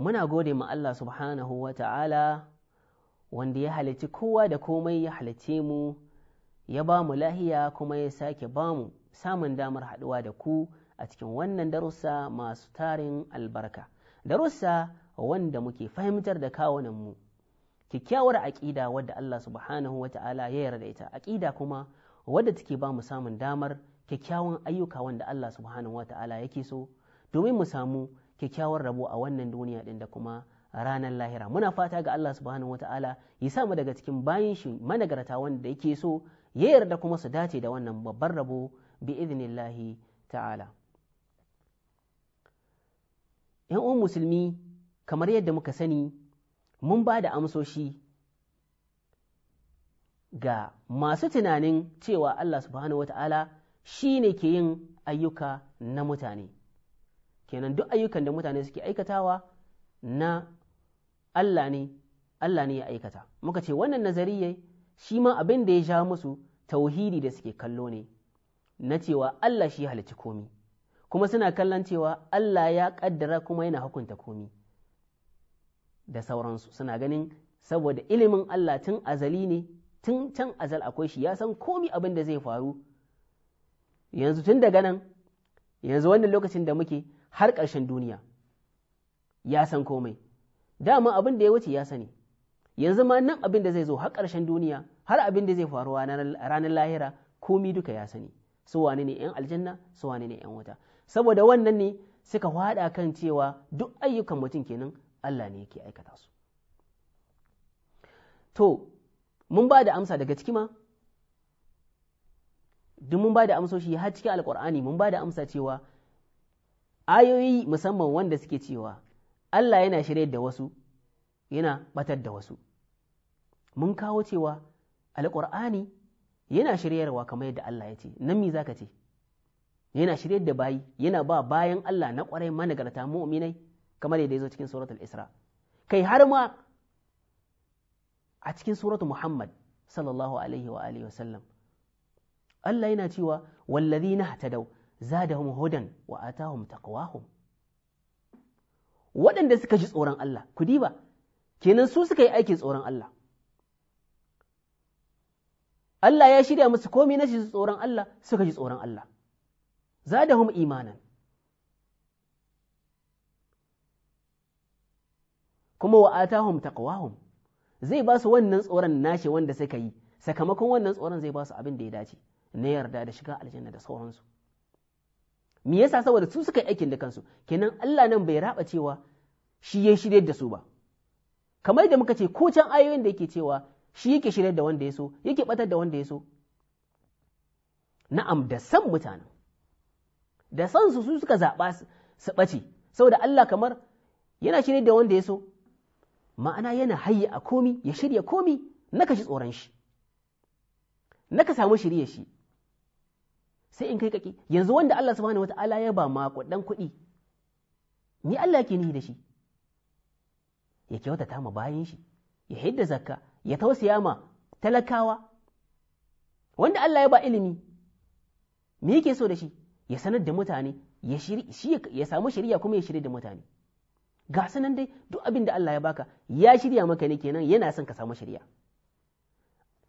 muna gode ma Allah subhanahu wa ta'ala wanda ya halicci kowa da komai ya halicce mu ya ba mu lahiya kuma ya sake ba mu samun damar haɗuwa da ku a cikin wannan darussa masu tarin albarka darussa wanda muke fahimtar da kawunan mu. kyakkyawar aƙida wadda Allah subhanahu wa ta'ala ya yarda ita aƙida kuma wadda take ba mu samun damar kyakkyawan ayyuka wanda Allah subhanahu wa ta'ala yake so domin mu samu kyakkyawar rabo a wannan duniya din da kuma ranar lahira muna fata ga Allah subhanahu wataala ya sa mu daga cikin bayin shi managarta wanda yake so ya yarda kuma su dace da wannan babban rabo bi idnillahi ta'ala ‘yan uwan musulmi kamar yadda muka sani mun ba da amsoshi ga masu tunanin cewa Allah subhanahu wataala shi ne ke yin ayyuka na mutane kenan duk ayyukan da mutane suke aikatawa na Allah ne Allah ne ya aikata muka ce wannan nazariye shi ma abin da ya sha musu tauhidi da suke kallo ne na cewa Allah shi halicci komi kuma suna kallon cewa Allah ya kaddara kuma yana hukunta komi da sauransu suna ganin saboda ilimin Allah tun azali ne tun can azal akwai shi ya san komi abin da zai faru yanzu tun daga nan yanzu wannan lokacin da muke har ƙarshen duniya ya san komai dama abin da ya wuce ya sani yanzu ma nan abin da zai zo har ƙarshen duniya har abin da zai faru ranar lahira komi duka ya sani su wane ne 'yan aljanna su wane ne 'yan wuta saboda wannan ne suka hada kan cewa duk ayyukan mutum kenan Allah ne yake aikata su to mun ba da amsa daga ciki ma duk mun ba da amsoshi har cikin alkur'ani mun ba da amsa cewa ayoyi musamman wanda suke cewa Allah yana shirya da wasu yana batar da wasu mun kawo cewa alƙur'ani yana shiryarwa kamar yadda Allah ya ce nan me zaka ce yana shiryar da bayi yana ba bayan Allah na kwarai ƙwarai managarta mu'minai kamar yadda ya zo cikin suratul Isra kai har ma a cikin suratul Muhammad sallallahu alaihi wa alihi wa sallam Allah yana cewa na hatadaw zadahum hudan wa atahum taqwahum waɗanda suka ji tsoron Allah ku diba kenan su suka yi aikin tsoron Allah Allah ya shirya musu komai na su tsoron Allah suka ji tsoron Allah zadahum imanan kuma wa atahum taqwahum zai ba su wannan tsoron nashi wanda suka yi sakamakon wannan tsoron zai ba su abin da ya dace na yarda da shiga aljanna da sauransu me yasa saboda su suka yi aikin da kansu kenan Allah nan bai raba cewa shi ya shirye da su ba kamar da muka ce ko can ayoyin da yake cewa shi yake shirye da wanda ya so yake batar da wanda ya so na'am da san mutane. da san su su suka zaɓa su ɓace saboda Allah kamar yana shirye da wanda ya so ma'ana yana hayya a komi ya shirya komi naka shi tsoron shi naka samu shirye shi sai in kai kaki yanzu wanda Allah subhanahu wata'ala ya ba ma kuɗin kuɗi ni Allah yake nihi da shi ya kyautata ma bayan shi ya hidda zakka ya tausaya ma talakawa wanda Allah ya ba ilimi me yake so da shi ya sanar da mutane ya samu shari'a kuma ya shirya da mutane ga sanan dai duk abin da Allah ya baka ya shirya maka ne kenan yana son ka samu shari'a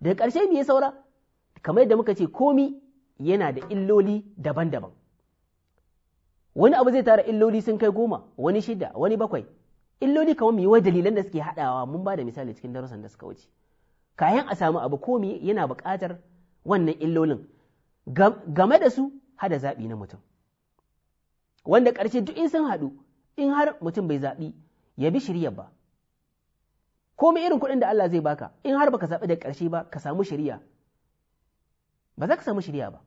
daga karshe me ya saura kamar yadda muka ce komi yana da illoli daban-daban wani abu zai tara illoli sun kai goma wani shida wani bakwai illoli kamar mai dalilan da suke haɗawa mun ba da misali cikin darussan da suka wuce kayan a samu abu komi yana buƙatar wannan illolin game da su hada zaɓi na mutum wanda ƙarshe duk in sun haɗu in har mutum bai zaɓi ya bi shiryar ba komai irin kuɗin da Allah zai baka in har baka zaɓi da ƙarshe ba ka samu shari'a ba za ka samu shirya ba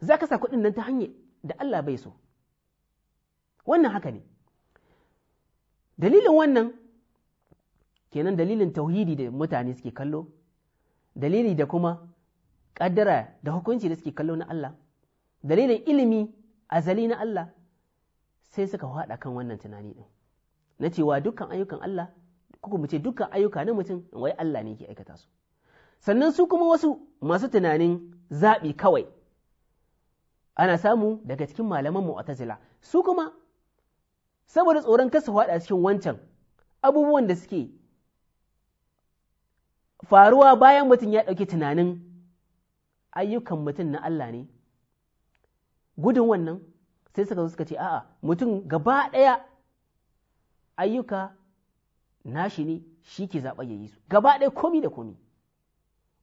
za ka sa kuɗin nan ta hanyar da Allah bai so wannan haka ne dalilin wannan kenan dalilin tauhidi da mutane suke kallo dalili da kuma ƙaddara da hukunci da suke kallo na Allah dalilin ilimi azali na Allah sai suka haɗa kan wannan tunani ɗin na cewa dukkan ayyukan Allah kuka mu ce dukkan ayyuka na mutum wai Allah ne ke aikata su sannan su kuma wasu masu tunanin zaɓi kawai ana samu daga cikin malaman mu'tazila su kuma saboda tsoron kasa faɗa cikin wancan abubuwan da suke faruwa bayan mutum ya ɗauki tunanin ayyukan mutum na Allah ne gudun wannan sai suka zo suka ce a'a mutum gaba ɗaya ayyuka nashi ne shi ke zaɓa ya yi su gaba ɗaya komi da komi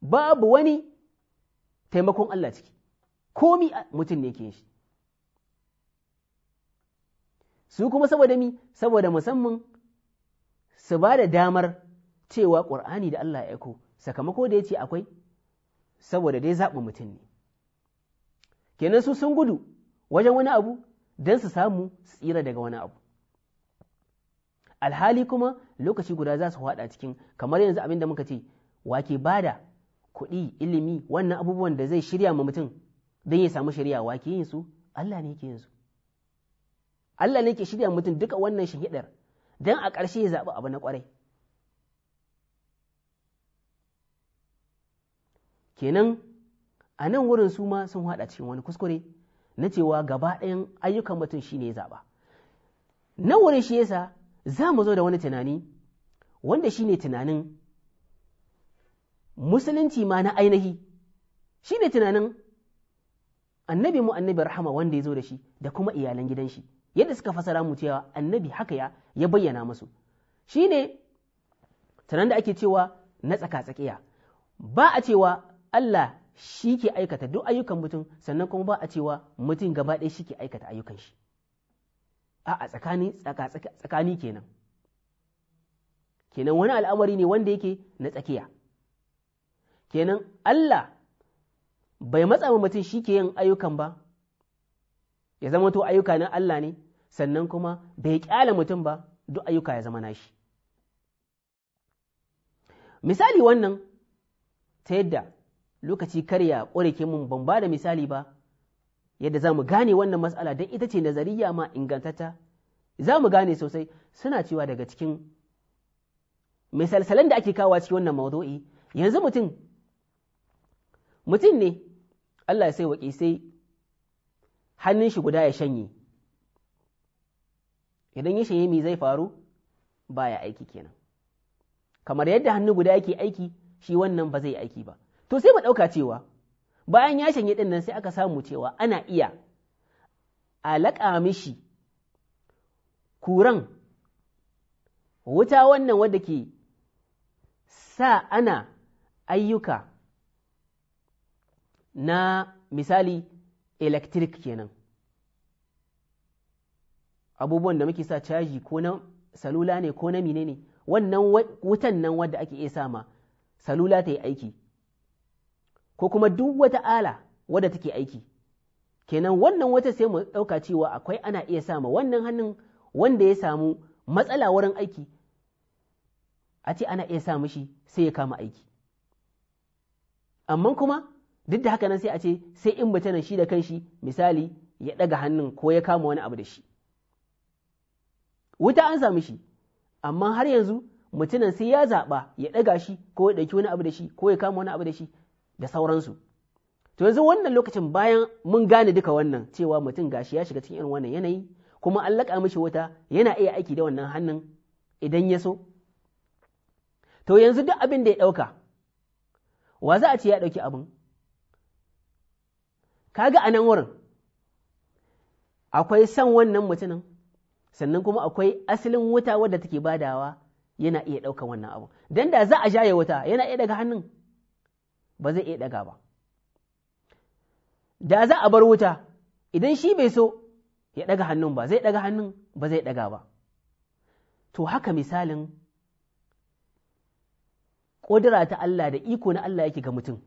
babu wani taimakon Allah ciki komi mutum ne ke shi su kuma saboda mi saboda musamman su ba da damar cewa ƙur'ani da Allah ya aiko sakamako da ya ce akwai saboda dai zaɓin mutum ne kenan su sun gudu wajen wani abu don su samu tsira daga wani abu alhali kuma lokaci guda za su haɗa cikin kamar yanzu abin da muka ce wake bada kuɗi ilimi wannan abubuwan da zai shirya ma mutum don ya samu shirya wa ke yin su Allah ne ke yin su Allah ne ke shirya mutum duka wannan shahidar don a ƙarshe ya zaɓi abu na ƙwarai kenan a nan wurin su ma sun haɗa cikin wani kuskure na cewa gaba ɗayan ayyukan mutum shi ne ya zaɓa nan wurin shi yasa za mu zo da wani tunani wanda shi ne tunanin musulunci ma na ainihi shi ne tunanin annabi mu annabi rahama wanda ya zo da shi da kuma iyalan gidan shi yadda suka fasara mu cewa annabi haka ya ya bayyana musu shi ne tunanin da ake cewa na tsaka-tsakiya ba a cewa Allah shi ke aikata duk ayyukan mutum sannan kuma ba a cewa mutum gaba ɗaya shi ke aikata ayyukan shi a tsakani tsakani kenan kenan wani al'amari ne wanda yake na tsakiya kenan Allah bai matsa ma mutum shi ke yin ayyukan ba ya zama to ayyuka na Allah ne sannan kuma bai ƙyale mutum ba duk ayyuka ya zama nashi misali wannan ta yadda lokaci karya ke mun ban ba da misali ba yadda za mu gane wannan matsala don ita ce nazariya ma ingantata za mu gane sosai suna cewa daga cikin misalsalan da ake kawo cikin wannan maudu'i yanzu mutum mutum ne Allah ya sai waƙi sai hannun shi guda ya shanye idan ya shanye me zai faru baya aiki kenan kamar yadda hannu guda yake aiki shi wannan ba zai aiki ba to sai mu ɗauka cewa bayan ya shanye ɗin nan sai aka samu cewa ana iya alaƙa mishi kuran wuta wannan wadda ke sa ana ayyuka na misali electric kenan abubuwan da muke sa caji ko na salula ne ko na mine ne wannan wutan nan wadda ake iya sama salula ta yi aiki ko kuma duk wata ala wadda take aiki kenan wannan wata sai mu ɗauka cewa akwai ana iya sama wannan hannun wanda ya samu matsala wurin aiki a ce ana iya sa mishi sai ya kama aiki amma kuma duk da haka nan sai a ce sai in mutane shi da kanshi misali ya ɗaga hannun ko ya kama wani abu da shi wuta an sami shi amma har yanzu mutumin sai ya zaɓa ya ɗaga shi ko ya ɗauki wani abu da shi ko ya kama wani abu da shi da sauransu to yanzu wannan lokacin bayan mun gane duka wannan cewa mutum gashi ya shiga cikin irin wannan yanayi kuma an laƙa mishi wuta yana iya aiki da wannan hannun idan ya so to yanzu duk abin da ya ɗauka wa za a ce ya ɗauki abin kaga a nan wurin akwai son wannan mutumin sannan kuma akwai asalin wuta wadda take badawa yana iya ɗaukan wannan abu don da za a jaye wuta yana iya daga hannun ba zai iya daga ba da za a bar wuta idan shi bai so ya daga hannun ba zai daga hannun ba zai daga ba to haka misalin ƙudura ta Allah da iko na Allah yake ga mutum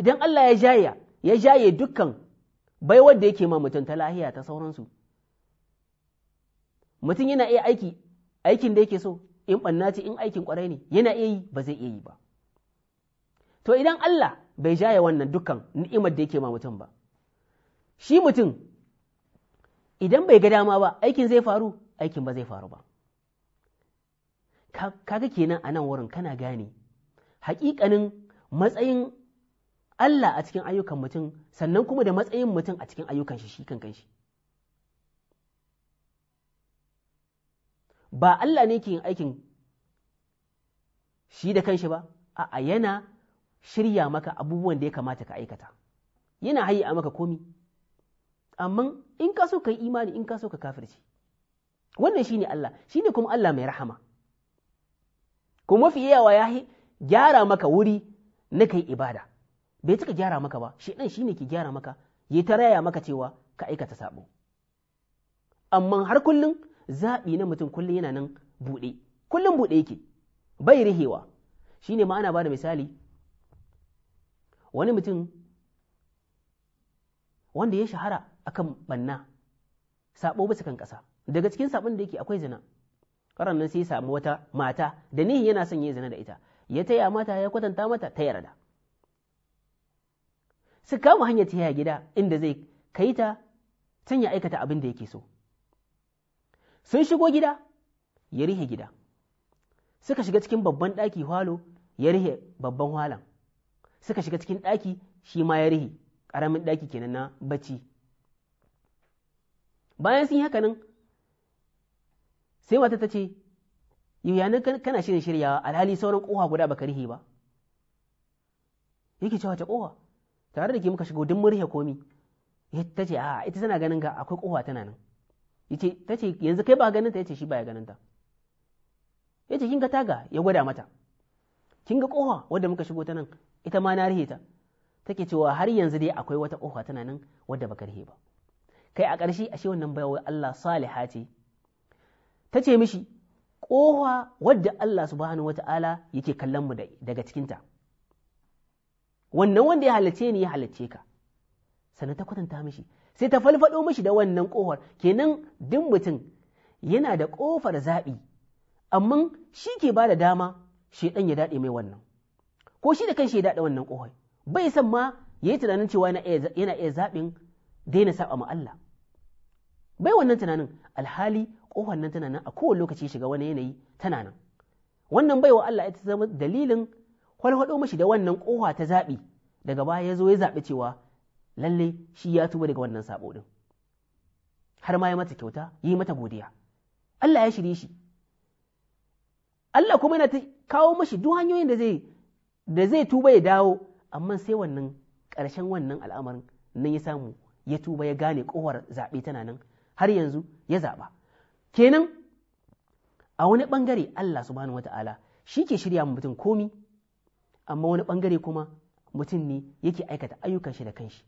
idan Allah ya jaya ya jaye dukkan bai wanda yake ma mutum ta lahiya ta sauransu mutum yana iya aiki aikin da yake so in ɓanna ce in aikin kwarai ne yana iya yi ba zai iya yi ba to idan Allah bai jaye wannan dukkan ni'imar da yake ma mutum ba shi mutum idan bai ga dama ba aikin zai faru aikin ba zai faru ba kaga kenan a nan wurin kana gane hakikanin matsayin Allah a cikin ayyukan mutum sannan kuma da matsayin mutum a cikin ayyukan shi shi kan kanshi ba Allah ne ke yin aikin shi da kanshi ba a'a yana shirya maka abubuwan da ya kamata ka aikata yana hayi a maka komi amma in ka so ka yi imani in ka so ka kafirci wannan shi ne Allah Shi ne kuma Allah mai rahama kuma mafi yawa ya gyara maka wuri na kai ibada bai cika gyara maka ba shi ɗan shine ke gyara maka yi ta raya maka cewa ka aikata saɓo amma har kullum zaɓi na mutum kullum yana nan buɗe kullum buɗe yake bai rihewa shine ma ana bada misali wani mutum wanda ya shahara akan banna sabo bisa kan ƙasa daga cikin sabon da yake akwai zina ran nan sai samu wata mata da nihin yana son yin zina da ita ya taya mata ya kwatanta mata ta yarda su kama hanyar tafiya gida inda zai kai ta can ya aikata abin da yake so sun shigo gida ya rihe gida suka shiga cikin babban ɗaki hwalo ya rihe babban hwalan suka shiga cikin ɗaki shi ma ya rihe ƙaramin ɗaki kenan na bacci bayan sun yi haka nan sai wata ta ce yanin kana shirin shiryawa alhali sauran kowa guda baka rihe ba yake cewa ta kowa. tare da ke muka shigo duk murhe komi ta ce a ita tana ganin ga akwai kowa tana nan yace ta ce yanzu kai ba ganin ta yace shi baya ganin ta yace kin ga taga ya gwada mata kin ga kowa wadda muka shigo ta nan ita ma na rihe ta take cewa har yanzu dai akwai wata kofa tana nan wadda baka rihe ba kai a ƙarshe ashe wannan baiwa Allah saliha ce ta ce mishi kofa wadda Allah subhanahu wata'ala yake kallon mu daga cikinta wannan wanda ya halace ni ya halace ka sannan ta kwatanta mishi sai ta falfado mishi da wannan kofar kenan duk mutum yana da kofar zaɓi amma shi ke ba da dama shaidan ya daɗe mai wannan ko shi da kan shi ya daɗe wannan kofar bai san ma ya yi tunanin cewa yana iya zaɓin daina saba ma Allah bai wannan tunanin alhali kofar nan tana nan a kowane lokaci shiga wani yanayi tana nan wannan bai wa Allah ita zama dalilin Kwalwaɗo mashi da wannan kowa ta zaɓi daga baya ya zo ya zaɓi cewa lalle shi ya tuba daga wannan saɓo ɗin har ma ya mata kyauta yi mata godiya Allah ya shirye shi Allah kuma yana ta kawo mashi duk hanyoyin da zai da zai tuba ya dawo amma sai wannan ƙarshen wannan al'amarin nan ya samu ya tuba ya gane kowar zaɓe tana nan har yanzu ya zaɓa kenan a wani ɓangare Allah subhanahu wata'ala shi ke shirya mutum komi amma wani bangare kuma mutum ne yake aikata ayyukan shi da kanshi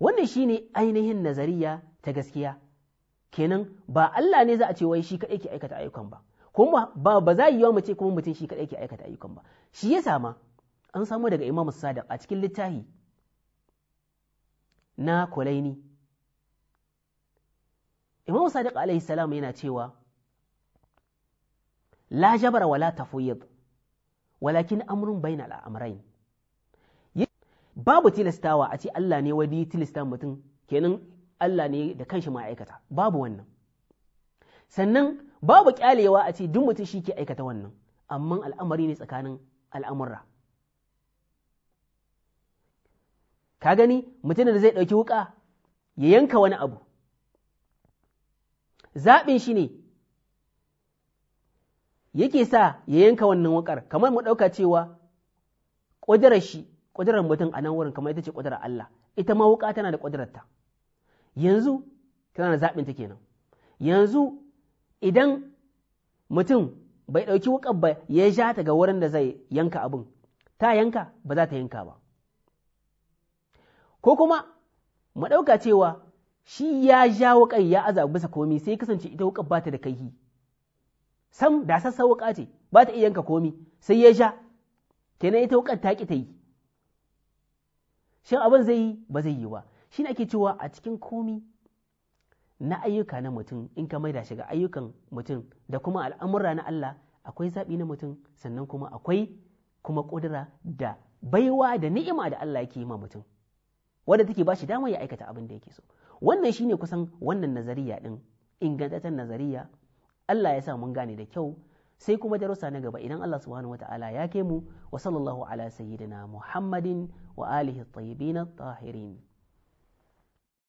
wannan shine ainihin nazariya ta gaskiya kenan ba Allah ne za a ce wai shi kaɗai ke aikata ayyukan ba kuma ba ba za yi wa mu ce kuma mutum shi kaɗai ke aikata ayyukan ba shi ya sama an samu daga Imam Sadiq a cikin littafi na Kulaini Imam Sadiq alaihi salam yana cewa la jabara wala tafwid walakin amrun bainal amrayn babu tilastawa a ce Allah ne wani tilasta mutum kenan Allah ne da kanshi ma aikata babu wannan sannan babu kyalewa a ce duk mutum shi ke aikata wannan amma al'amari ne tsakanin al'amurra ka gani mutum da zai ɗauki wuka ya yanka wani abu zaɓin shi ne yake sa ya yanka wannan wakar kamar mu ɗauka cewa ƙudurar shi ƙudurar mutum a nan wurin kamar ita ce ƙudurar Allah ita ma wuka tana da ta yanzu tana da zaɓin ta kenan yanzu idan mutum bai ɗauki wuƙar ba ya ja ta ga wurin da zai yanka abin ta yanka ba za ta yanka ba ko kuma mu ɗauka cewa shi ya ja wuƙar ya aza bisa komi sai kasance ita wuƙar ba ta da kaihi sam da sassa wuka ce ba ta iya yanka komi sai ya sha kenan ita wukan ta ki ta yi shin abin zai yi ba zai yi ba shi ake cewa a cikin komi na ayyuka na mutum in ka maida shiga ayyukan mutum da kuma al'amura na Allah akwai zaɓi na mutum sannan kuma akwai kuma ƙudura da baiwa da ni'ima da Allah yake yi ma mutum wadda take ba shi damar ya aikata abin da yake so wannan shine kusan wannan nazariya din ingantaccen nazariya Allah ya sa mun gane da kyau sai kuma darussa na gaba idan Allah subhanahu wata'ala ya kai mu wa sallallahu ala sayyidina Muhammadin wa alihi at-tayyibin at-tahirin